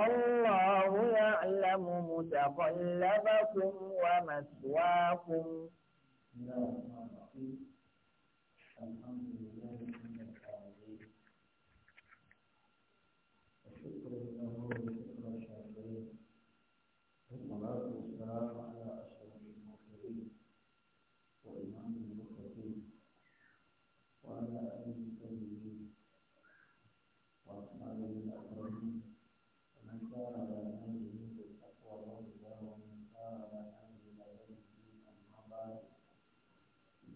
الله يعلم متقلبكم ومثواكم. الحمد لله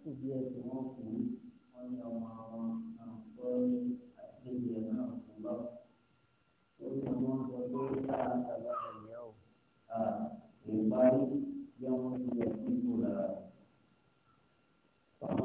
tó díẹ̀ tí wọ́n kú wọ́n ní ọmọ àwọn àǹkọ́ àti ìyẹn náà kú lọ. ó ní wọ́n sọ pé sáà sábà ẹ̀yà ò ìparí bí wọ́n ti yẹ kí kú lára. ọmọ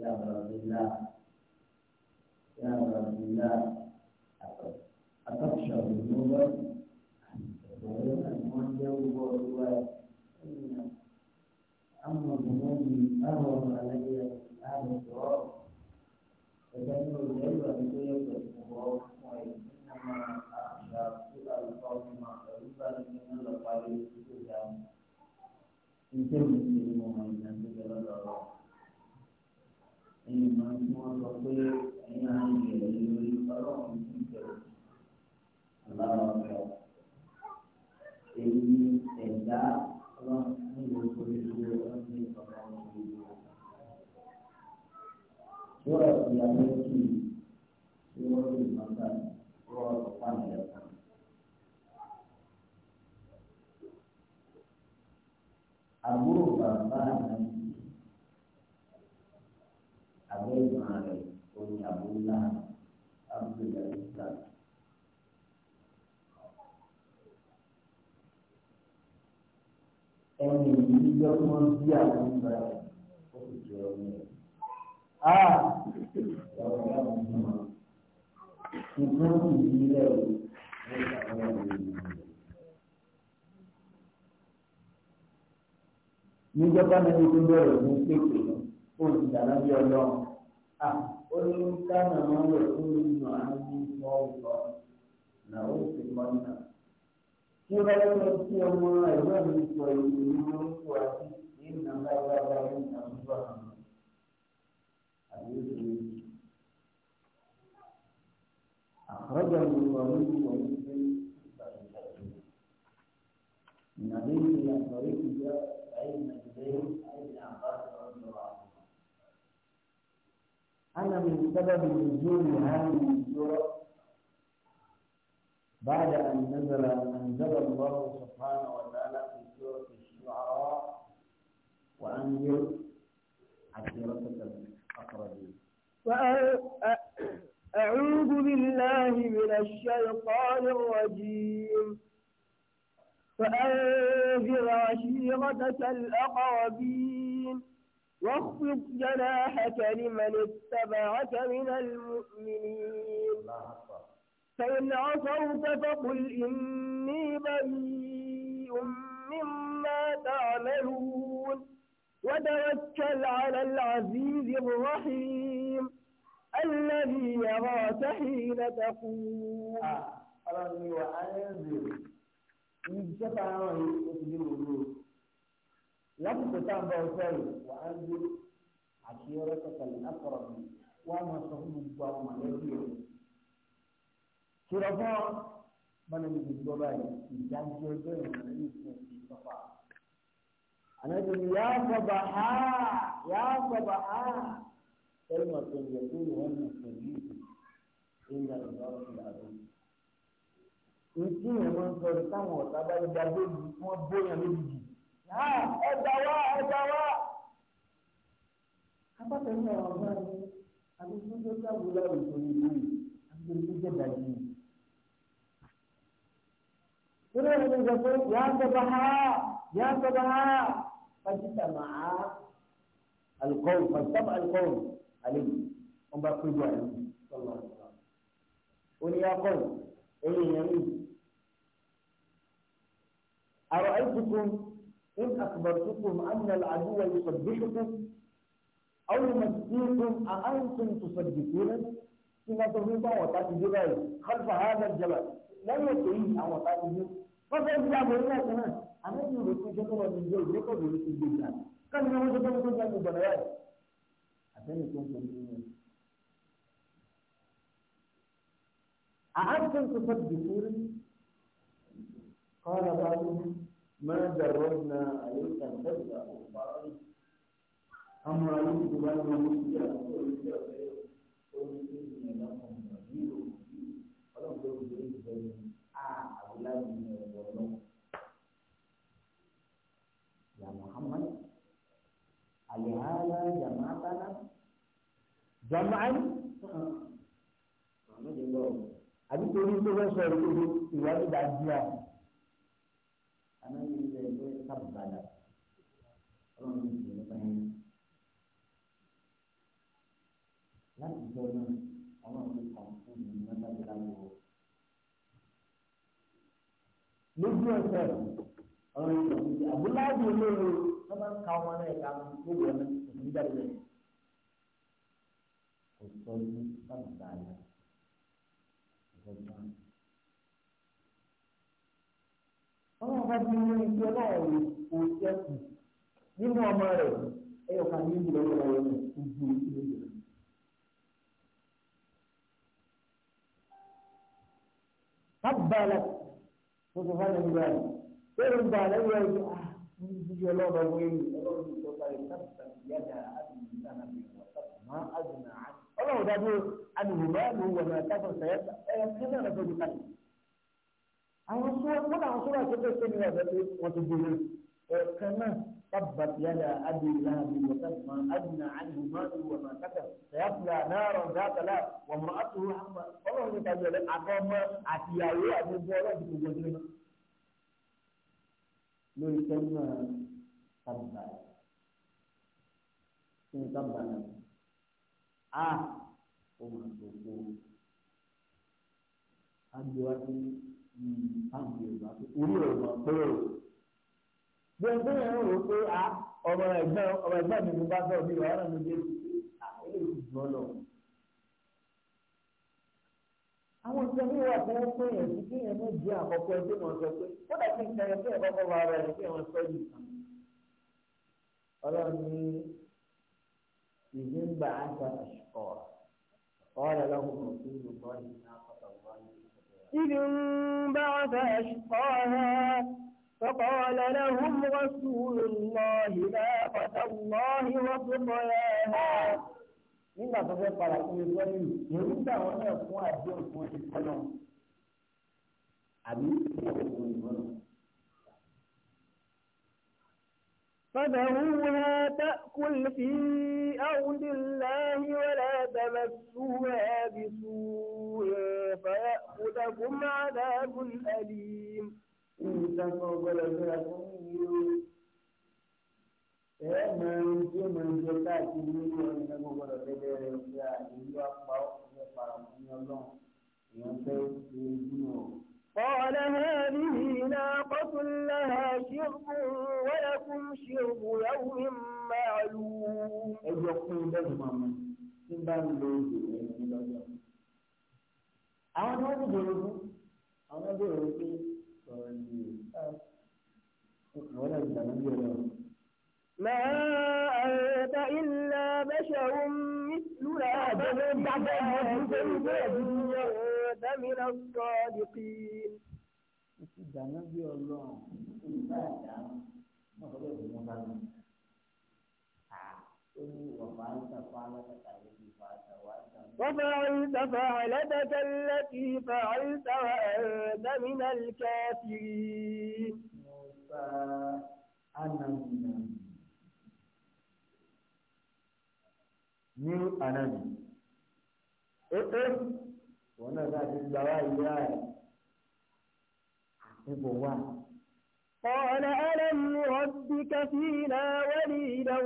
يا رب الله يا رب الله أتخشى الذنوب ويوم أن يوم أما الذنوب أهون علي أهل الصراط فجعل الليل بقية الصراط وإنما أخشى سوء القوم قريبا من القليل إن كنت ẹni máa ń wọ́n sọ pé ẹ̀yin á ń yẹ̀ ẹ̀yìn lórí ọlọ́run tó ń bẹ̀rù aláwọ̀ ọ̀rọ̀ èyí ẹ̀dá ọlọ́run ní ìlú oríṣiríṣi ọlọ́run ní ọ̀rọ̀ ìlú. Wọ́n ìyàwó kì í ṣe wọ́n lè máa bá a. èyí níjọ́ tí wọ́n bí àwọn ìgbà ó sì jẹ́ ọmọ rẹ̀. a ọ̀rọ̀ yà wọ́n mú wọn. kì í nílẹ̀ o ní ìgbàlódé ìgbà. níjọ́ bá mi ní tó bẹ̀rẹ̀ ní pépè ó ti dáná a ó ní káàmù àwọn ọ̀rẹ́ fún mi nù àánú ní ìfọwọ́sọ làwọn ò ti náà. tí ó bá yẹ kí ọtí ọmọ ẹ̀gbọ́n mi sọ أخرجه البخاري ومسلم من حديث الأنصاري أي من الزين أي بن عباس رضي أنا من سبب نزول هذه السورة بعد أن نزل أنزل الله سبحانه وتعالى في سورة الشعراء وأنذر عشيرتك الأقربين أعوذ بالله من الشيطان الرجيم فأنذر عشيرتك الأقربين واخفض جناحك لمن اتبعك من المؤمنين الله أكبر فإن عصوت فقل إني بريء مما تعملون وتوكل على العزيز الرحيم الذي يراك حين تقوم أرني آه، وأنزل يجب أن أخبر الروس لم تتعب بوسعي وأنزل عشيرتك الأقرب وما صحيح الضوء عليك ṣùgbọ́n fún bọ́lá mi ti gbọ́ báyìí ìdájọ́ ẹgbẹ́ ìrìnàmọ́ ní ìfún òfin sọ́fà. ànábi ni yàá sọ̀bà á yàá sọ̀bà á ẹ̀rọ tó ń yẹ kúrò wọn ní ìfẹ̀lú ìgbà ìgbà ọ̀sùn àdúgbò. ìtú yẹn máa ń sọ ní táwọn ọ̀tá bá ń gba lóbi wọn bóyá lóbi jù. ẹ̀dá wá ẹ̀dá wá. abákẹ́ni àwọn ọ̀gá mi àti tó ń jẹ́ ìlú àti tó ń jẹ́ يا سبحا يا سبحا فاجتمع القوم فاجتمع القوم عليه هم بقى كل واحد صلى الله عليه وسلم قل يا قوم ايه يا أرأيتكم إن أخبرتكم أن العدو يصدقكم أو يمسيكم أأنتم تصدقون كما تقولون وتاتي جبل خلف هذا الجبل لا يطيع أن وتاتي wọ́n fẹ́ẹ́ gbé àgbò nílẹ̀ kan náà àmọ́ ìlú rẹ̀ fún ìjọba ọ̀dọ̀ ìjọ ìjọ kọ̀ lórí ti gbé ìgbà káàdì náà wọ́n ṣe fẹ́ kó gbàgbọ́ rẹ̀ àtẹ́yìn tó ń tó ń tó ń أعدتم تصدقون قال بعضهم ما جربنا عليك كذا أخبار أما أنت بأن مسجد máa ń àbí torí tó fẹ́ sọ èdè ìwádìí bá di à àmọ́ ní ilé ẹgbẹ́ sábàdà ọlọ́run ti ṣe nípa yẹn láti jọ náà ọlọ́run ti kàn fún mi ní ọjọ́ ìlà wo lójú ẹsẹ̀ ọlọ́run ti sọ fún àbúláàbí olóore ló máa ń ka ọmọ náà ẹ̀ka gbogbo ẹ̀mí ìdíjáde lẹ́yìn ìtọ́jú sọ̀nà dáadáa ìtọ́jú. ọlọ́run bá ti mú ibi ọlọ́run kò sẹ́kù nínú ọmọ rẹ̀ ẹ̀yọ̀ kan ní ìlú ọlọ́run rẹ̀ kò ju ìlú rẹ̀. Tabbalak, mo sọ fún ẹni báyìí, ṣé o gbà lẹ́yìn ẹ̀yìn ah ní ibi ọlọ́run wọ̀nyí ọlọ́run ìjọba ìtàkùn yàda àti ìdílé àná ọlọ́run dájú alùpùpù wọ̀nà àtàkùn sẹ̀yẹ́ ẹ̀yẹ tí náà lọ́sọ̀ ní kalẹ̀. àwọn sọ́wọ́ wọn àwọn sọ́wọ́ àti ẹgbẹ́ sẹ́mi ọ̀dọ́ pé wọ́n ti gbèrè ẹ̀ẹ̀kan náà tábà yálà adìyẹlá àbíyẹ̀tà mà adìyẹ alùpùpù wọ̀nà àtàkùn sẹ̀yẹ́ fúlà náà rọ̀ dákàlà wọ̀n mọ̀ àtúwò àmà ọlọ́run ní kájọ lẹ́ àkọ́mọ ọlọ́run ti a ó mà sọ̀kò agbèwájú ní àwọn yorùbá pé orí ọ̀rọ̀ pé o gbẹ̀ngbẹ̀ yẹn rò pé a ọmọ ẹ̀gbọ́n ọmọ ẹ̀gbọ́n mi ló bá bẹ̀ mí ọ̀rọ̀ mi dé àwọn èèyàn ti jọ lọ. àwọn ìṣe mi wà fún pé èèyàn ti kí èèyàn náà jẹ àkọ́kọ́ ẹgbẹ́ wọn sọ pé ó dàbí ìṣẹ̀lẹ̀ pé ẹ̀kọ́kọ́ wa rẹ̀ kí èèyàn sọ yìí kan. ọlọ́run ní. إذن بعث أشقاها قال لهم رسول الله ناقة الله إذ انبعث أشقاها فقال لهم رسول الله ناقة الله وسقياها nígbà tó fẹ́ padà fún mi gbọ́ nínú èyí tí àwọn فذروها تأكل في أرض الله ولا تمسوها بسوء فيأخذكم عذاب أليم ẹ máa ń jẹ máa ń jẹ káàkiri nínú ọ̀nà gbogbo ọ̀dẹ́dẹ́ rẹ̀ ọ̀gá àdéhùn apá ọ̀gá ìparapọ̀ ní ọlọ́run èèyàn fẹ́ ṣe é nínú ọ̀rọ̀. قال هذه ناقة لها شرب ولكم شرب يوم معلوم أيقول له ماما إنبان لوجه àwọn tí wọ́n ti dèrò fún àwọn ما أنت إلا بشر مثلنا فمن بعد ما تنزل lẹ́mìíràn sọ ọ́ di pí. ó ti dáná bí ọlọ́run ó ti bá àdá náà lọ́dọ̀ tó wọ́n bá mi. ó ní wàhálà ìtàkùn alákàtà yìí wàhálà wàhálà. وفعلت فعلتك التي فعلت وأنت من الكافرين موسى أنا من أنا wọn náà láti gba wá ìyá ẹ àtúbọ̀ wá. قال ألم ربك فينا وليدا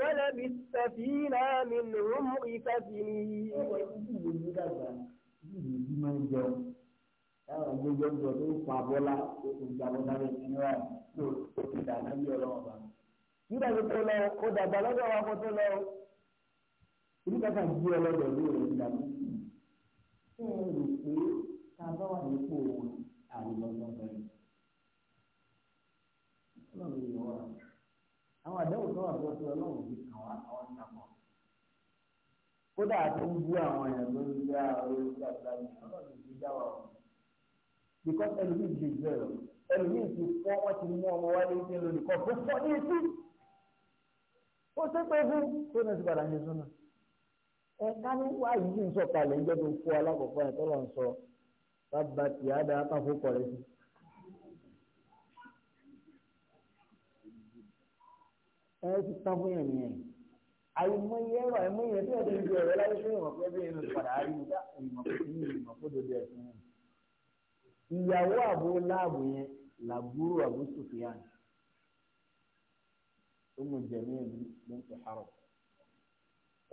ولبثت فينا من عمرك سنين. táwọn agbẹjọ ń bọ tó ń pa bọlá tó ń gba bọlá rẹ sí wa tó ti dà lábí ọlọ́run ọba. nígbà tó tó lọ kó dàgbà lọ́dọ̀ wa kó tó lọ. oníkàtà jí ọlọ́dọ̀ ló rẹ̀ ń dàgbà. ṣé ẹ rò pé ta bá wà nípò àrùbọ̀nà bẹ̀rẹ̀ ọlọ́run yìí wà àwọn àdéhùn tó wà tó tó ọlọ́run yìí kàn wá àwọn ìtàkùn kódà tó ń bú àwọn èèyàn tó ń dá orí ọlọ́run yìí dá wà ẹlòmíì ti ẹlòmíì ti fọ́ wọ́n ti mú ọmọ wálé ní tó fọ́ ní etí ó ẹ ká ní wáyé ní sọ̀kalẹ̀ ìjọ tó kó alákọ̀ọ́kọ́ yẹn tó lọ sọ bàbá tí a dára káfó kọ̀ rẹ sí. ẹ ti tán fún yẹn nìyẹn àìmọye ẹ̀rọ àìmọye ẹ̀rọ tí wọn ti di ọ̀rọ̀ láyé fún ìmọ̀ pé bí inú padà á rí nígbà ìmọ̀ pé kí dodo ẹ̀sìn yẹn. ìyàwó àbó láàbù yẹn làbúrò àbó sùfìyàn ó mọ jẹ̀mí ẹ̀mí ló ń tẹ̀ hárọ̀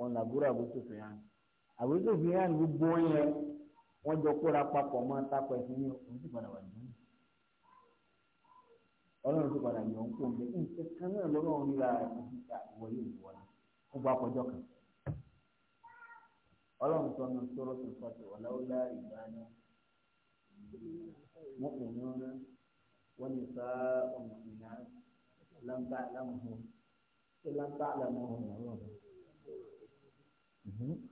òun làbúrò àbúsùfìyàn àbúsùfìyàn gbogbo yẹn wọ́n jọ kóra papọ̀ máa ń takọ ẹ̀sìn ní òun sì padà wà ní ìlú ọlọ́run sì padà yọ̀ ń kó ń bẹ nǹkan kan náà lọ́rọ̀ ń ra ìdíjà wọlé ìwọlé ó bá kọjọ́ kan ọlọ́run sọ ní sọ́rọ́ tó fọ́tò ọ̀làwọ́lá ìgbàanà mọ́kùnrin náà wọ́n ní sá ọmọ ìyá lámbá àlámọ̀hún ṣé lámbá àlámọ̀hún ọ̀rọ̀ rẹ̀.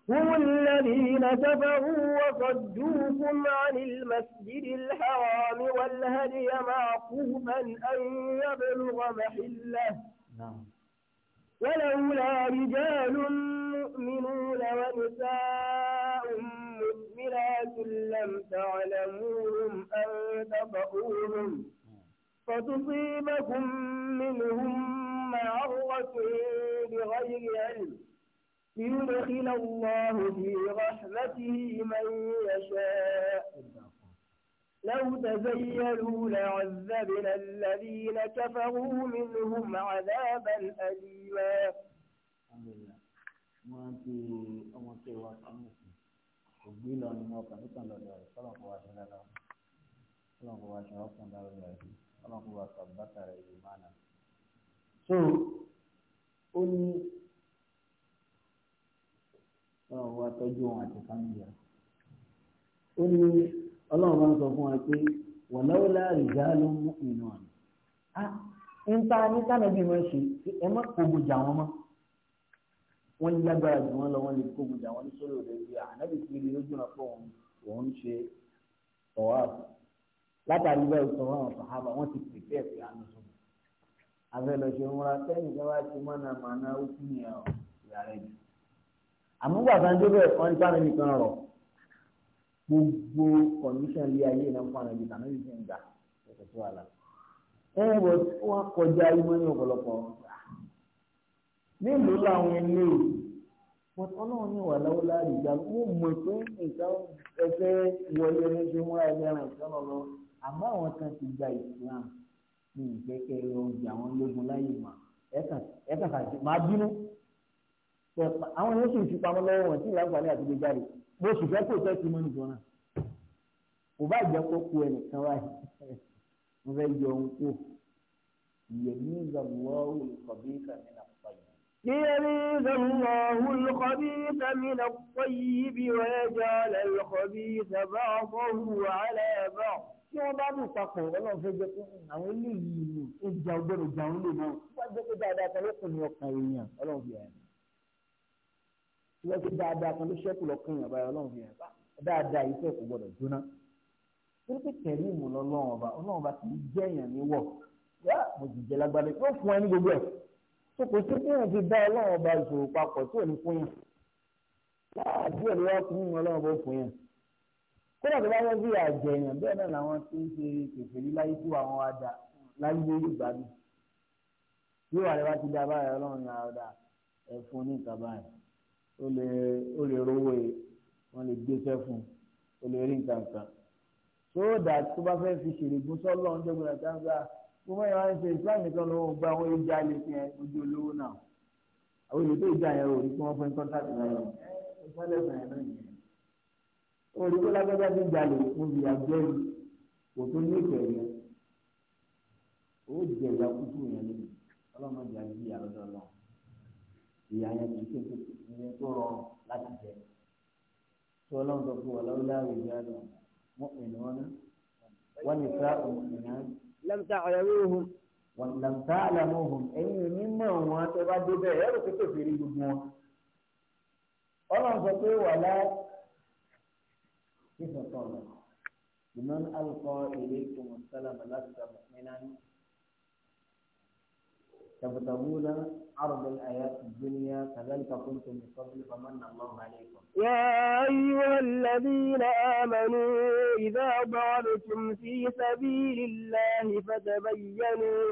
هم الذين كفروا وصدوكم عن المسجد الحرام والهدي معقوفا أن يبلغ محله نعم ولولا رجال مؤمنون ونساء مؤمنات لم تعلموهم أن تطؤوهم فتصيبكم منهم معرة بغير علم ليدخل الله في رحمته من يشاء لو تزيلوا لعذبنا الذين كفروا منهم عذابا أليما so ọlọ́run wá tọ́jú wọn àti fámìlì rẹ̀. ó ní ọlọ́run máa ń sọ fún wa pé wọ́n lọ́wọ́ láàrin ìjà ló ń mú ìnù àná. a ń ta ní kánàbí wọn ṣe ẹ má kógun wọn mọ́. wọ́n lágbára jù wọ́n lọ wọ́n lè kógun jà wọ́n òde ìgbé ànábì tí ilé lójú náà fún òun òun ṣe ọ̀wá àbọ̀. látàrí bẹ́ẹ̀ sọ wọn àwọn sàhábà wọ́n ti pèpè ẹ̀ àánú sọ àfẹlẹsẹ wọn ra tẹnìkan wá ti mọ́nà màná ó kú nìyà ọ̀ ìyàrá ìdí àmúgbà kan tó bẹ̀ wọ́n ní pàmì nìkan rọ̀ gbogbo kọ̀míṣọ̀n ilé ayé náà fún àwọn ìgbà náà yìí ń gbà ẹ̀sẹ̀ tó wà lá. ẹ wọ wọn kọjá imọ ní ọ̀pọ̀lọpọ̀ nílùú làwọn ilé wọn ọlọ́run ní wà láwọ́ láàrin ìjà wọn mọ̀ pé nǹkan ẹsẹ̀ wọlé ní ṣe múra ẹgbẹ́ ẹran ìṣẹ́ lọ àmọ́ àwọn kan ti gba ìsìlámù ní ìkẹ́kẹ́ ẹ̀rọ ìjà wọn lógun láyé mà ẹ̀ka ẹ̀ka máa bínú àwọn yóò sì fi pamọ́ lọ́wọ́ wọn tí ìlànà àti gbéjáde bó sì fẹ́ kó fẹ́ ti mọ́ nìkan náà kò bá jẹ́ kó ku ẹnìkan wáyé wọ́n fẹ́ yọ ohun kú yẹ̀mí ìgbàlúwọ́ olùkọ́bí kàmí nà pọ̀ yìí. ليميز الله الخبيث من الطيب ويجعل الخبيث بعضه على بعض tí wọ́n bá dùn papọ̀ ọlọ́run fẹ́ jẹ́ pé àwọn tí wọ́n fi dáadáa kan ló ṣẹ́kù lọ́kàn yẹn báyọ̀ ọlọ́run fi yẹn bá dáadáa yìí fẹ́ kò gbọ́dọ̀ jóná torí pé kẹ̀rí ìmọ̀ lọ́lọ́run ọba ọlọ́run ọba kì í jẹ́ èèyàn ní wọ̀ yá mo sì jẹ́ lágbádé yóò fún ẹ ní gbogbo ẹ̀ tó kò sí pé òun fi bá ọlọ́run ọba ìṣòro papọ̀ tí ò ní fún yẹn láàbí ẹ̀ ló wá fún yẹn ọlọ́run ọba fún yẹn kódà tó bá wọ́n sí àjẹyàn bẹ́ẹ̀ náà làwọn tí ń ṣe kèfèrí láyé tí àwọn adà láyé ìgbàdùn yóò wà lẹ́wà ti dá báyìí ọlọ́run ọ̀dà ẹ̀fọn ní ìta báyìí ó lè ó lè rówó e wọ́n lè gbéṣẹ́ fún un ó lè rí nǹkan kan tó dà tó bá fẹ́ fi ṣèrègùn sọ́lọ́ ń jẹ́gun àti àǹgbá mo mọ̀ ìwà ń ṣe islam nìkan ló ń gba àwọn ìjà lè fi hàn ojú olówó náà àwọn èdè tó ìjà yẹn ò rí kí wọ́n fẹ́ kọ́ńtàkì náà ìfẹ́lẹ́ fẹ̀yẹ̀ náà yẹn ó rí kó lágbájá ti jalè mo fi àgbẹ̀rù kò tó ní ìfẹ́ yẹn ó jẹ ìyá kúkú yẹn lónìí ọlọ́mọdé àti ìyá lọ́dọ̀ náà ìyá yẹn kì í ṣe kékeré di tó rọrùn láti jẹ tí ọlọ́run tó fi wà lọ́wọ́lá ìjọ àlọ́ mọ́kànlélọ́nà wọ́n ní sá òmìnira. lẹ́mtà ọ̀yẹ́wéhùn. wọ́n lẹ́mtà àlàmóhùn ẹ̀yin ní mọ̀ wọn tó bá dé bẹ́ẹ̀ ẹ̀rù tó tòfin rí gbogbo wọn. ọlọ́run sọ pé wà lá ìfọ̀sọ̀rọ̀ ìmọ̀ alùpọ̀ ìlẹ́kùn sálàmù láti sàmù mẹ́nání. تبتغون عرض الحياة الدنيا كذلك كنتم من قبل فمن الله عليكم يا أيها الذين آمنوا إذا ضربتم في سبيل الله فتبينوا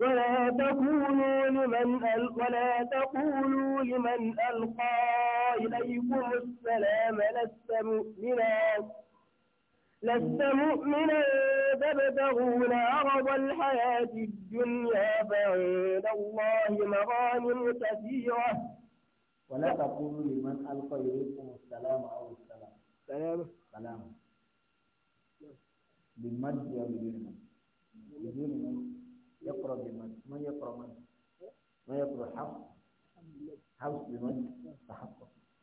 ولا تقولوا لمن ولا تقولوا لمن ألقى إليكم السلام لست مؤمنا لست مؤمنا تبتغون عرض الحياة الدنيا فعند الله مغانم كثيرة ولا تقولوا لمن ألقى إليكم السلام أو السلام سلام سلام يا بدون من بدون من يقرأ بالمد من يقرأ من من يقرأ حفص حفص بمد فحفص